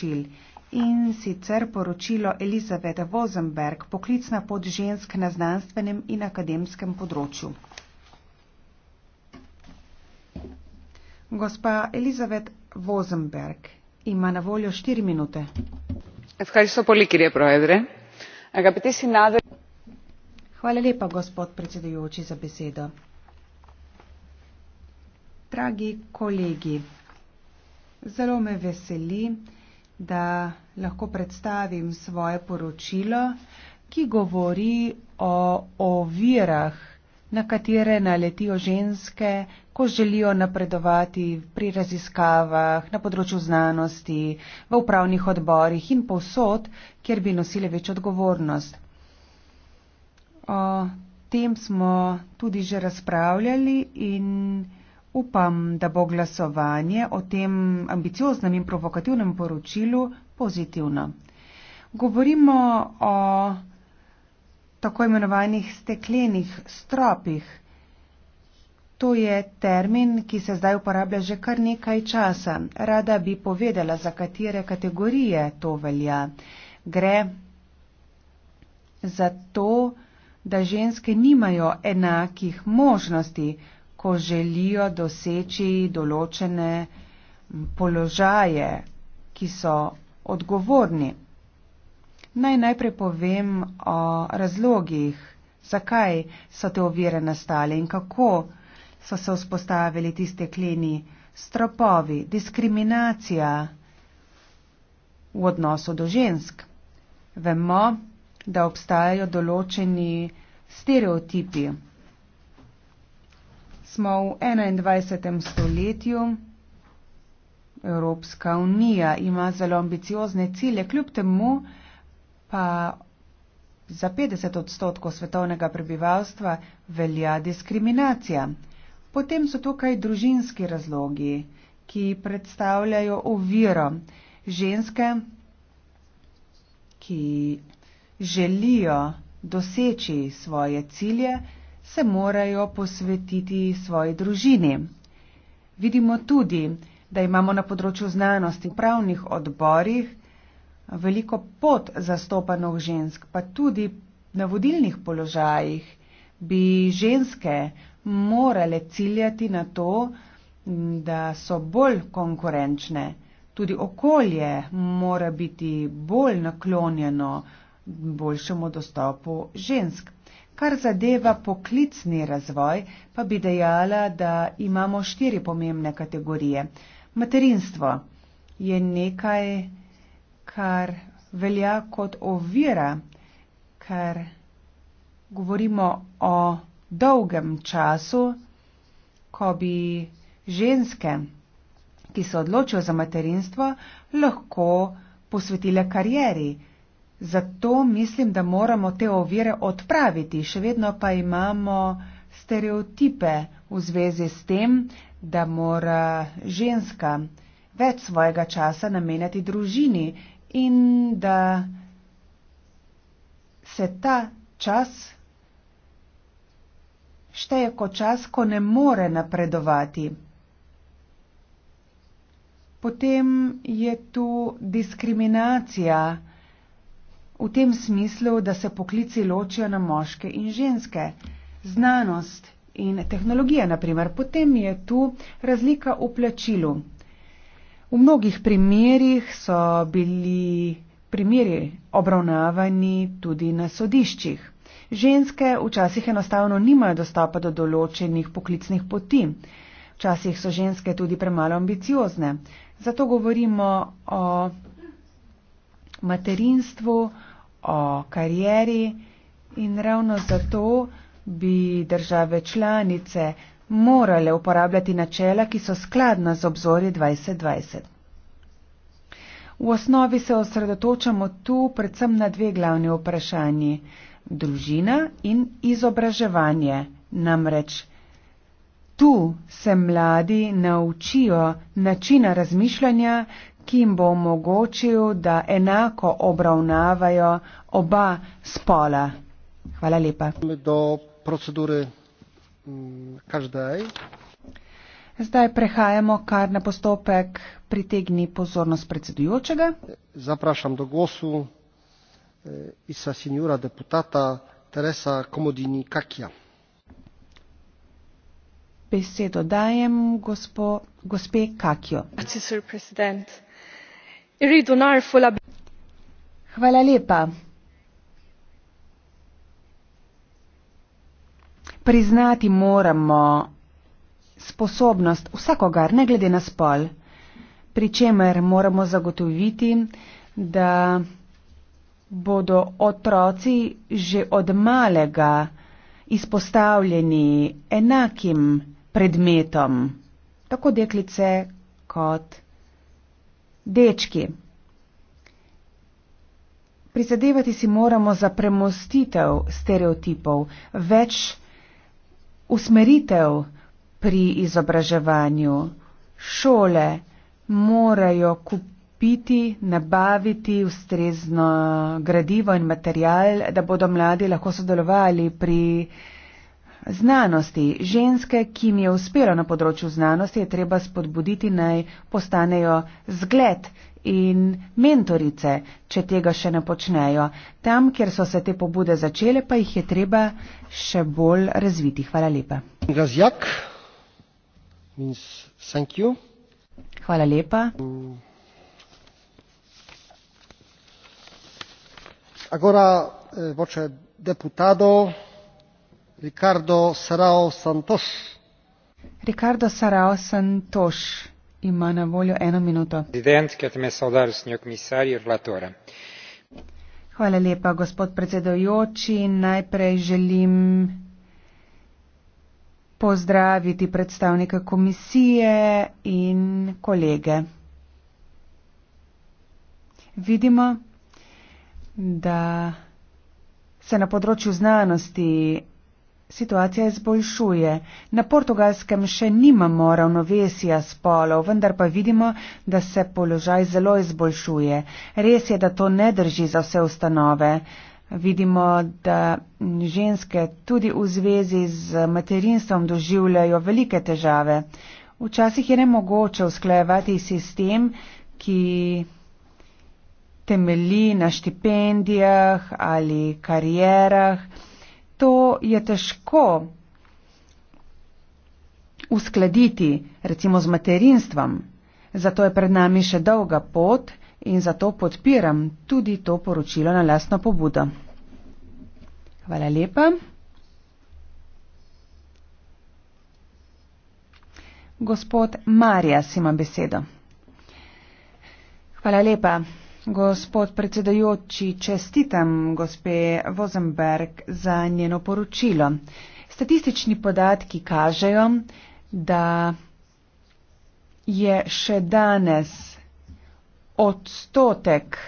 poročil. In sicer poročilo Elizabete Vozenberg, poklicna pot žensk na znanstvenem in akademskem področju. Gospa Elizabet Vozenberg ima na voljo 4 minute. Hvala lepa, gospod predsedujoči, za besedo. Dragi kolegi, zelo me veseli, da lahko predstavim svoje poročilo, ki govori o ovirah, na katere naletijo ženske, ko želijo napredovati pri raziskavah, na področju znanosti, v upravnih odborih in povsod, kjer bi nosile več odgovornost. O tem smo tudi že razpravljali in. Upam, da bo glasovanje o tem ambicioznem in provokativnem poročilu pozitivno. Govorimo o tako imenovanih steklenih stropih. To je termin, ki se zdaj uporablja že kar nekaj časa. Rada bi povedala, za katere kategorije to velja. Gre za to, da ženske nimajo enakih možnosti, ko želijo doseči določene položaje, ki so odgovorni. Naj najprej povem o razlogih, zakaj so te ovire nastale in kako so se vzpostavili ti stekleni stropovi, diskriminacija v odnosu do žensk. Vemo, da obstajajo določeni stereotipi smo v 21. stoletju. Evropska unija ima zelo ambiciozne cilje, kljub temu pa za 50 odstotkov svetovnega prebivalstva velja diskriminacija. Potem so tukaj družinski razlogi, ki predstavljajo oviro. Ženske, ki želijo doseči svoje cilje, se morajo posvetiti svoji družini. Vidimo tudi, da imamo na področju znanosti v pravnih odborih veliko pod zastopano v žensk, pa tudi na vodilnih položajih bi ženske morale ciljati na to, da so bolj konkurenčne. Tudi okolje mora biti bolj naklonjeno boljšemu dostopu žensk Kar zadeva poklicni razvoj, pa bi dejala, da imamo štiri pomembne kategorije. Materinstvo je nekaj, kar velja kot ovira, ker govorimo o dolgem času, ko bi ženske, ki se odločijo za materinstvo, lahko posvetile karieri. Zato mislim, da moramo te ovire odpraviti. Še vedno pa imamo stereotipe v zvezi s tem, da mora ženska več svojega časa namenjati družini in da se ta čas šteje kot čas, ko ne more napredovati. Potem je tu diskriminacija v tem smislu, da se poklici ločijo na moške in ženske. Znanost in tehnologija, naprimer, potem je tu razlika v plačilu. V mnogih primerjih so bili primeri obravnavani tudi na sodiščih. Ženske včasih enostavno nimajo dostopa do določenih poklicnih poti. Včasih so ženske tudi premalo ambiciozne. Zato govorimo o materinstvu, o karieri in ravno zato bi države članice morale uporabljati načela, ki so skladna z obzorje 2020. V osnovi se osredotočamo tu predvsem na dve glavni vprašanji - družina in izobraževanje. Namreč tu se mladi naučijo načina razmišljanja, ki jim bo omogočil, da enako obravnavajo oba spola. Hvala lepa. Mm, Zdaj prehajamo kar na postopek pritegni pozornost predsedujočega. Zaprašam do gosu eh, isa senjura deputata Teresa Komodini Kakija. Besedo dajem gospo, gospe Kakijo. Hvala lepa. Priznati moramo sposobnost vsakogar, ne glede na spol, pri čemer moramo zagotoviti, da bodo otroci že od malega izpostavljeni enakim predmetom, tako deklice kot. Dečki, prizadevati si moramo za premostitev stereotipov, več usmeritev pri izobraževanju. Šole morajo kupiti, nabaviti ustrezno gradivo in material, da bodo mladi lahko sodelovali pri izobraževanju znanosti. Ženske, ki jim je uspelo na področju znanosti, je treba spodbuditi naj postanejo zgled in mentorice, če tega še ne počnejo. Tam, kjer so se te pobude začele, pa jih je treba še bolj razviti. Hvala lepa. Gazjak. Thank you. Hvala lepa. Agora, eh, voce deputado, Ricardo Sarao Santos. Ricardo Sarao Santos ima na voljo eno minuto. E Hvala lepa, gospod predsedojoči. Najprej želim pozdraviti predstavnika komisije in kolege. Vidimo, da se na področju znanosti situacija izboljšuje. Na portugalskem še nimamo ravnovesja spolov, vendar pa vidimo, da se položaj zelo izboljšuje. Res je, da to ne drži za vse ustanove. Vidimo, da ženske tudi v zvezi z materinstvom doživljajo velike težave. Včasih je nemogoče usklajevati sistem, ki temelji na štipendijah ali karierah to je težko uskladiti, recimo z materinstvom. Zato je pred nami še dolga pot in zato podpiram tudi to poročilo na lasno pobudo. Hvala lepa. Gospod Marjas ima besedo. Hvala lepa. Gospod predsedajoči, čestitam gospe Vozenberg za njeno poročilo. Statistični podatki kažejo, da je še danes odstotek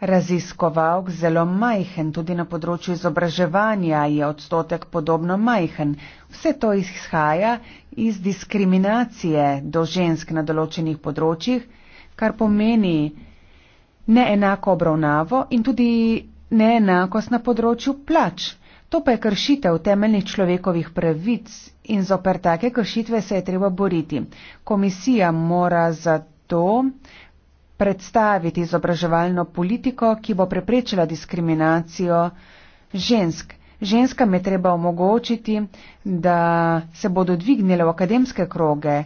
raziskovalk zelo majhen, tudi na področju izobraževanja je odstotek podobno majhen. Vse to izhaja iz diskriminacije do žensk na določenih področjih, kar pomeni neenako obravnavo in tudi neenakost na področju plač. To pa je kršitev temeljnih človekovih pravic in zoper take kršitve se je treba boriti. Komisija mora zato predstaviti izobraževalno politiko, ki bo preprečila diskriminacijo žensk. Ženskam je treba omogočiti, da se bodo dvignile v akademske kroge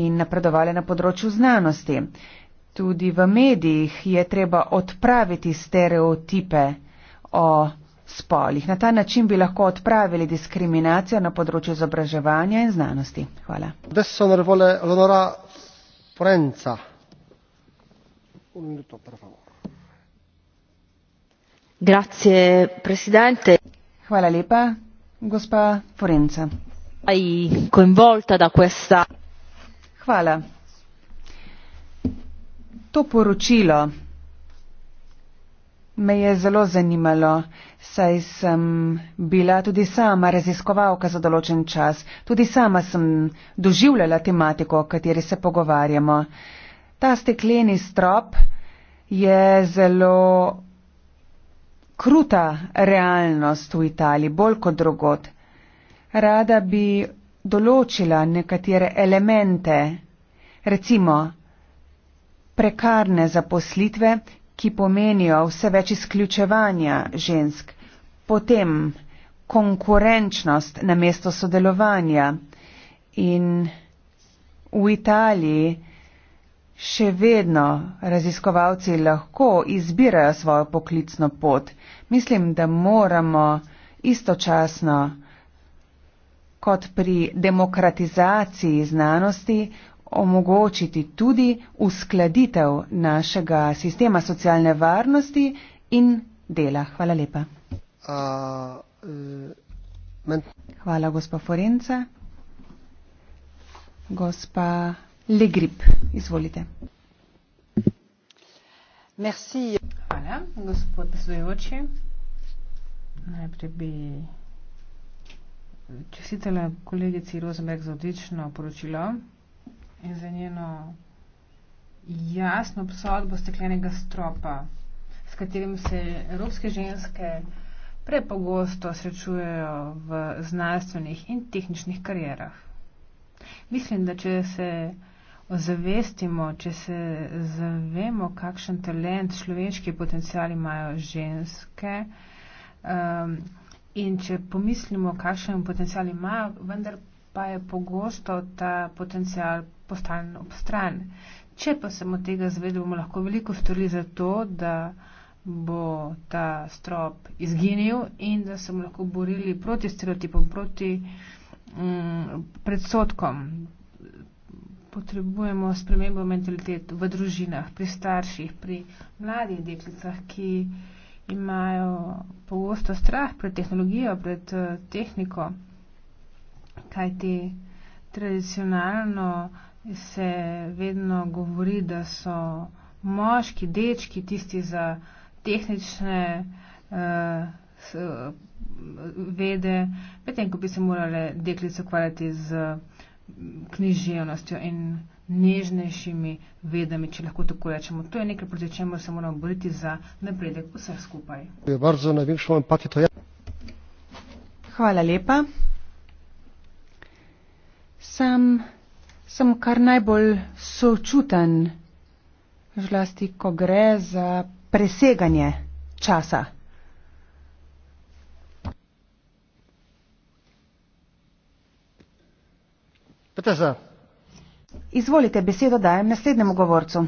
in napredovale na področju znanosti tudi v medijih je treba odpraviti stereotipe o spolih. Na ta način bi lahko odpravili diskriminacijo na področju izobraževanja in znanosti. Hvala. Grazie, presidente. Hvala lepa, gospa Forenca. Hvala, to poročilo me je zelo zanimalo, saj sem bila tudi sama raziskovalka za določen čas, tudi sama sem doživljala tematiko, o kateri se pogovarjamo. Ta stekleni strop je zelo kruta realnost v Italiji, bolj kot drugot. Rada bi določila nekatere elemente, recimo, prekarne zaposlitve, ki pomenijo vse več izključevanja žensk, potem konkurenčnost na mesto sodelovanja in v Italiji še vedno raziskovalci lahko izbirajo svojo poklicno pot. Mislim, da moramo istočasno kot pri demokratizaciji znanosti omogočiti tudi uskladitev našega sistema socialne varnosti in dela. Hvala lepa. A, e, men... Hvala, gospa Forenca. Gospa Legrip, izvolite. Merci. Hvala, gospod predsedujoči. Najprej bi čestitela kolegici Rozenberg za odlično poročilo in za njeno jasno obsodbo steklenega stropa, s katerim se evropske ženske prepogosto srečujejo v znanstvenih in tehničnih karjerah. Mislim, da če se ozavestimo, če se zavemo, kakšen talent, človeški potencial imajo ženske, um, In če pomislimo, kakšen potencial imajo, vendar pa je pogosto ta potencial postavljen ob stran. Če pa sem od tega zvedel, bomo lahko veliko storili za to, da bo ta strop izginil in da se bomo lahko borili proti stereotipom, proti mm, predsotkom. Potrebujemo spremembo mentalitet v družinah, pri starših, pri mladih deklicah, ki imajo pogosto strah pred tehnologijo, pred eh, tehniko kajti tradicionalno se vedno govori, da so moški, dečki tisti za tehnične uh, vede, medtem ko bi se morale deklice ukvarjati z književnostjo in nežnejšimi vedami, če lahko tako rečemo. To je nekaj, proti čemu se moramo boriti za napredek vseh skupaj. Hvala lepa sam sem kar najbolj sočuten, žlasti, ko gre za preseganje časa. Petesa. Izvolite, besedo dajem naslednjemu govorcu.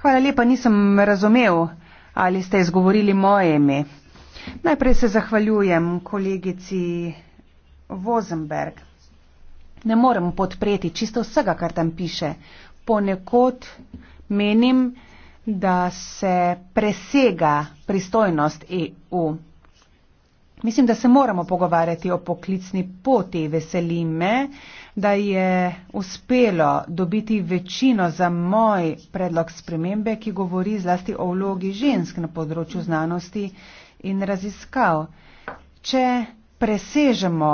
Hvala lepa, nisem razumel, ali ste izgovorili moje ime. Najprej se zahvaljujem kolegici Vozenberg ne morem podpreti čisto vsega, kar tam piše. Ponekod menim, da se presega pristojnost EU. Mislim, da se moramo pogovarjati o poklicni poti. Veselim me, da je uspelo dobiti večino za moj predlog spremembe, ki govori zlasti o vlogi žensk na področju znanosti in raziskav. Če presežemo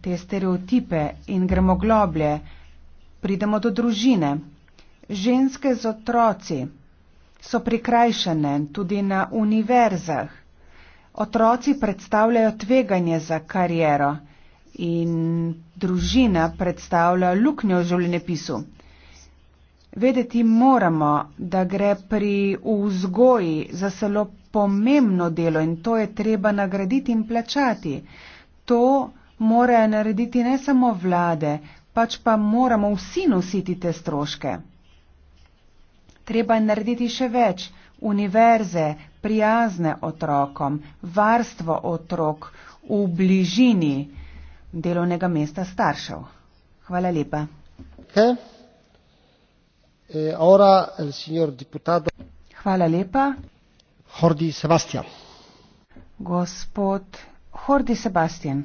te stereotipe in gremo globlje, pridemo do družine. Ženske z otroci so prikrajšane tudi na univerzah. Otroci predstavljajo tveganje za kariero in družina predstavlja luknjo v življenjepisu. Vedeti moramo, da gre pri vzgoji za zelo pomembno delo in to je treba nagraditi in plačati. To more narediti ne samo vlade, pač pa moramo vsi nositi te stroške. Treba je narediti še več, univerze, prijazne otrokom, varstvo otrok v bližini delovnega mesta staršev. Hvala lepa. E, Hvala lepa. Hordi Sebastian. Gospod Hordi Sebastian.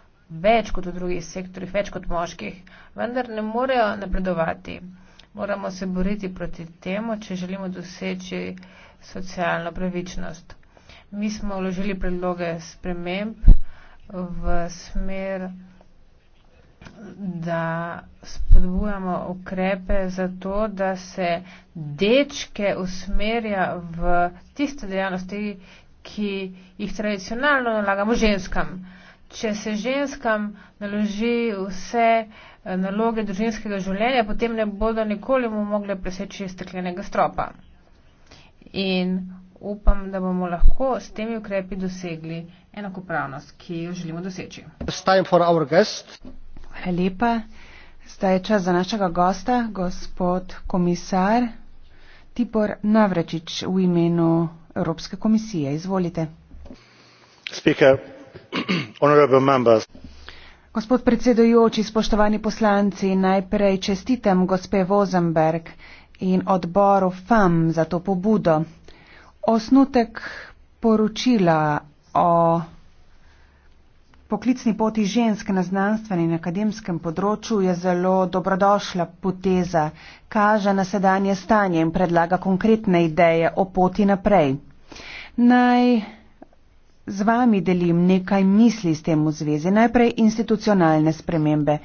več kot v drugih sektorjih, več kot moških, vendar ne morejo napredovati. Moramo se boriti proti temu, če želimo doseči socialno pravičnost. Mi smo vložili predloge sprememb v smer, da spodbujamo ukrepe za to, da se dečke usmerja v tiste dejavnosti, ki jih tradicionalno nalagamo ženskam. Uh, če se ženskam naloži vse eh, naloge družinskega življenja, potem ne bodo nikoli mu mogli preseči steklenega stropa. In upam, da bomo lahko s temi ukrepi dosegli enakopravnost, ki jo želimo doseči. Hvala lepa. Zdaj je čas za našega gosta, gospod komisar Tibor Navračič v imenu Evropske komisije. Izvolite. Speaker. gospod predsedujoči spoštovani poslanci najprej čestitam gospe vozenberg in odboru fam za to pobudo osnutek poročila o poklicni poti žensk na znanstvenem in akademskem področju je zelo dobrodošla poteza, kaže na sedanje stanje in predlaga konkretne ideje o poti naprej. Naj Z vami delim nekaj misli s tem v zvezi. Najprej institucionalne spremembe.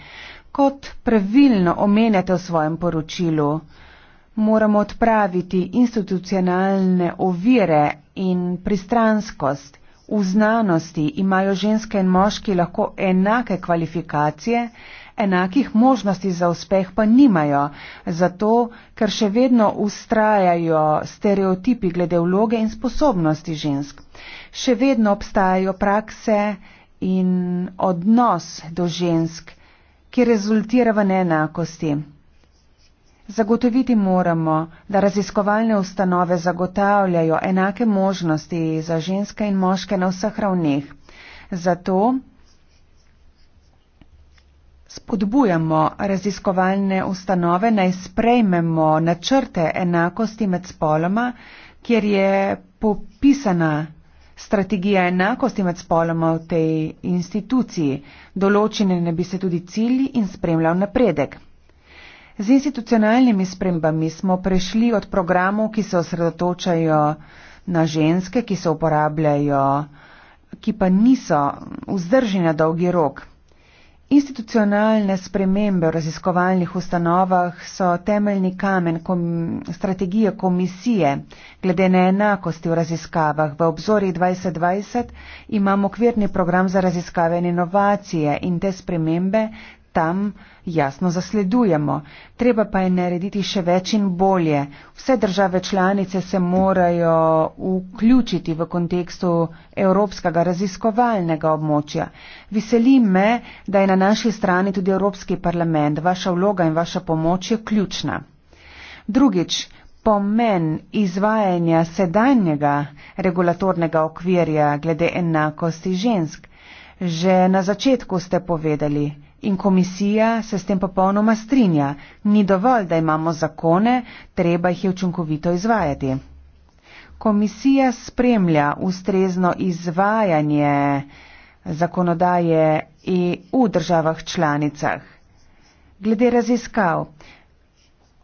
Kot pravilno omenjate v svojem poročilu, moramo odpraviti institucionalne ovire in pristranskost. V znanosti imajo ženske in moški lahko enake kvalifikacije, enakih možnosti za uspeh pa nimajo, zato ker še vedno ustrajajo stereotipi glede vloge in sposobnosti žensk. Še vedno obstajajo prakse in odnos do žensk, ki rezultira v neenakosti. Zagotoviti moramo, da raziskovalne ustanove zagotavljajo enake možnosti za ženske in moške na vseh ravneh. Zato spodbujamo raziskovalne ustanove naj sprejmemo načrte enakosti med spoloma, kjer je popisana strategija enakosti med spoloma v tej instituciji, določene ne bi se tudi cilji in spremljal napredek. Z institucionalnimi spremembami smo prešli od programov, ki se osredotočajo na ženske, ki se uporabljajo, ki pa niso vzdržene dolgi rok. Institucionalne spremembe v raziskovalnih ustanovah so temeljni kamen kom strategije komisije glede neenakosti v raziskavah. V obzorih 2020 imamo okvirni program za raziskave in inovacije in te spremembe tam jasno zasledujemo. Treba pa je narediti še več in bolje. Vse države članice se morajo vključiti v kontekstu evropskega raziskovalnega območja. Veseli me, da je na naši strani tudi Evropski parlament. Vaša vloga in vaša pomoč je ključna. Drugič, pomen izvajanja sedanjega regulatornega okvirja glede enakosti žensk. Že na začetku ste povedali, in komisija se s tem popolnoma strinja. Ni dovolj, da imamo zakone, treba jih je učinkovito izvajati. Komisija spremlja ustrezno izvajanje zakonodaje EU v državah članicah. Glede raziskav,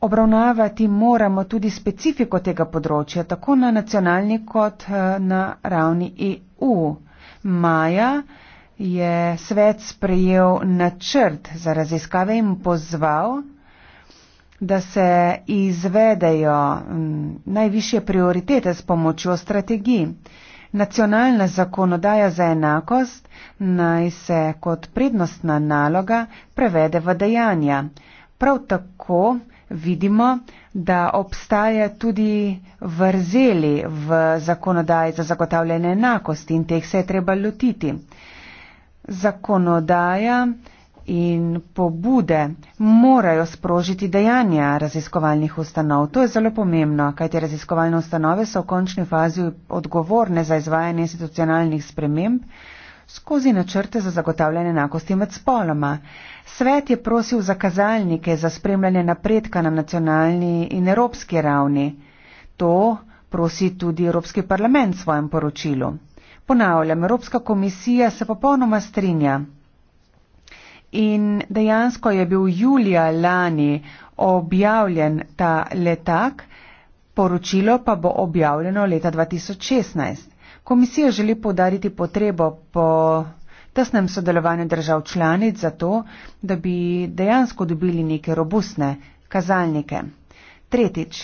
obravnavati moramo tudi specifiko tega področja, tako na nacionalni kot eh, na ravni EU. Maja je svet sprejel načrt za raziskave in pozval, da se izvedejo mm, najviše prioritete s pomočjo strategij. Nacionalna zakonodaja za enakost naj se kot prednostna naloga prevede v dejanja. Prav tako vidimo, da obstaja tudi vrzeli v zakonodaji za zagotavljanje enakosti in teh se je treba lotiti. Zakonodaja in pobude morajo sprožiti dejanja raziskovalnih ustanov. To je zelo pomembno, kajte raziskovalne ustanove so v končni fazi odgovorne za izvajanje institucionalnih sprememb skozi načrte za zagotavljanje enakosti med spoloma. Svet je prosil za kazalnike za spremljanje napredka na nacionalni in evropski ravni. To prosi tudi Evropski parlament v svojem poročilu. Ponavljam, Evropska komisija se popolnoma strinja. In dejansko je bil julija lani objavljen ta letak, poročilo pa bo objavljeno leta 2016. Komisija želi podariti potrebo po tesnem sodelovanju držav članic za to, da bi dejansko dobili neke robustne kazalnike. Tretjič.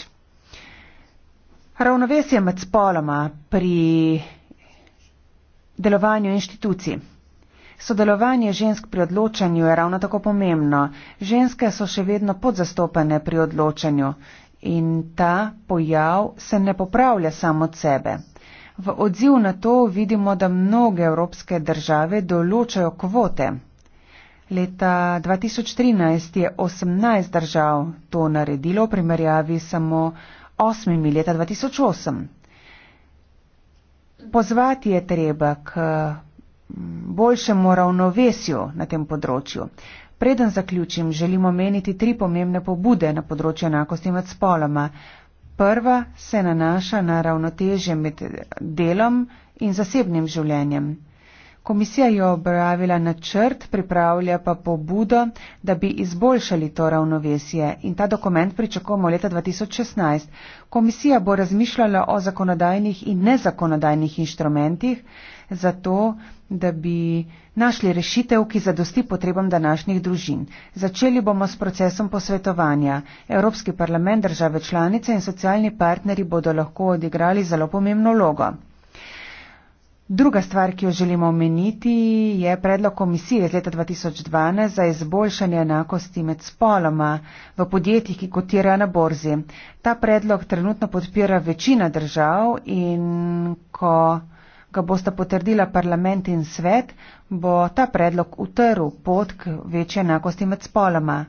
Ravnovesje med spoloma pri Delovanju inštitucij. Sodelovanje žensk pri odločanju je ravno tako pomembno. Ženske so še vedno podzastopene pri odločanju in ta pojav se ne popravlja samo od sebe. V odziv na to vidimo, da mnoge evropske države določajo kvote. Leta 2013 je 18 držav to naredilo v primerjavi samo 8. leta 2008. Pozvati je treba k mm, boljšemu ravnovesju na tem področju. Preden zaključim, želim omeniti tri pomembne pobude na področju enakosti med spoloma. Prva se nanaša na ravnotežje med delom in zasebnim življenjem. Komisija je objavila načrt, pripravlja pa pobudo, da bi izboljšali to ravnovesje in ta dokument pričakujemo leta 2016. Komisija bo razmišljala o zakonodajnih in nezakonodajnih inštrumentih za to, da bi našli rešitev, ki zadosti potrebam današnjih družin. Začeli bomo s procesom posvetovanja. Evropski parlament, države članice in socialni partneri bodo lahko odigrali zelo pomembno logo. Druga stvar, ki jo želimo omeniti, je predlog komisije iz leta 2012 za izboljšanje enakosti med spoloma v podjetjih, ki kotirajo na borzi. Ta predlog trenutno podpira večina držav in ko ga bosta potrdila parlament in svet, bo ta predlog utrl pot k večji enakosti med spoloma.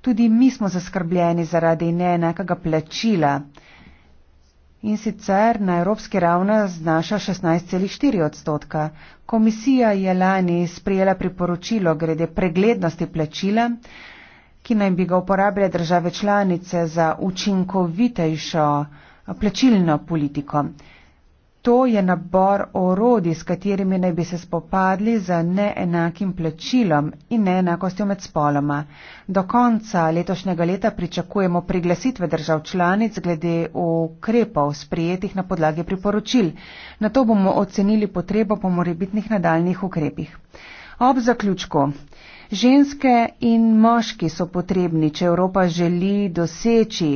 Tudi mi smo zaskrbljeni zaradi neenakega plačila in sicer na evropski ravni znaša 16,4 odstotka. Komisija je lani sprijela priporočilo glede preglednosti plačila, ki naj bi ga uporabile države članice za učinkovitejšo plačilno politiko. To je nabor orodij, s katerimi naj bi se spopadli za neenakim plačilom in neenakostjo med spoloma. Do konca letošnjega leta pričakujemo priglasitve držav članic glede ukrepov sprijetih na podlagi priporočil. Na to bomo ocenili potrebo po morebitnih nadaljnih ukrepih. Ob zaključku. Ženske in moški so potrebni, če Evropa želi doseči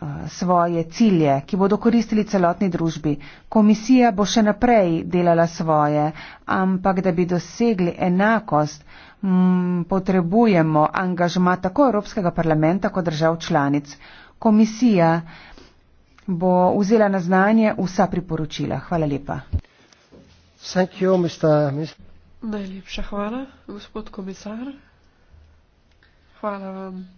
Eh, svoje cilje, ki bodo koristili celotni družbi. Komisija bo še naprej delala svoje, ampak da bi dosegli enakost, m, mm, potrebujemo angažma tako Evropskega parlamenta kot držav članic. Komisija bo vzela na znanje vsa priporočila. Hvala lepa. You, Mr. Mr. Najlepša hvala, gospod komisar. Hvala vam.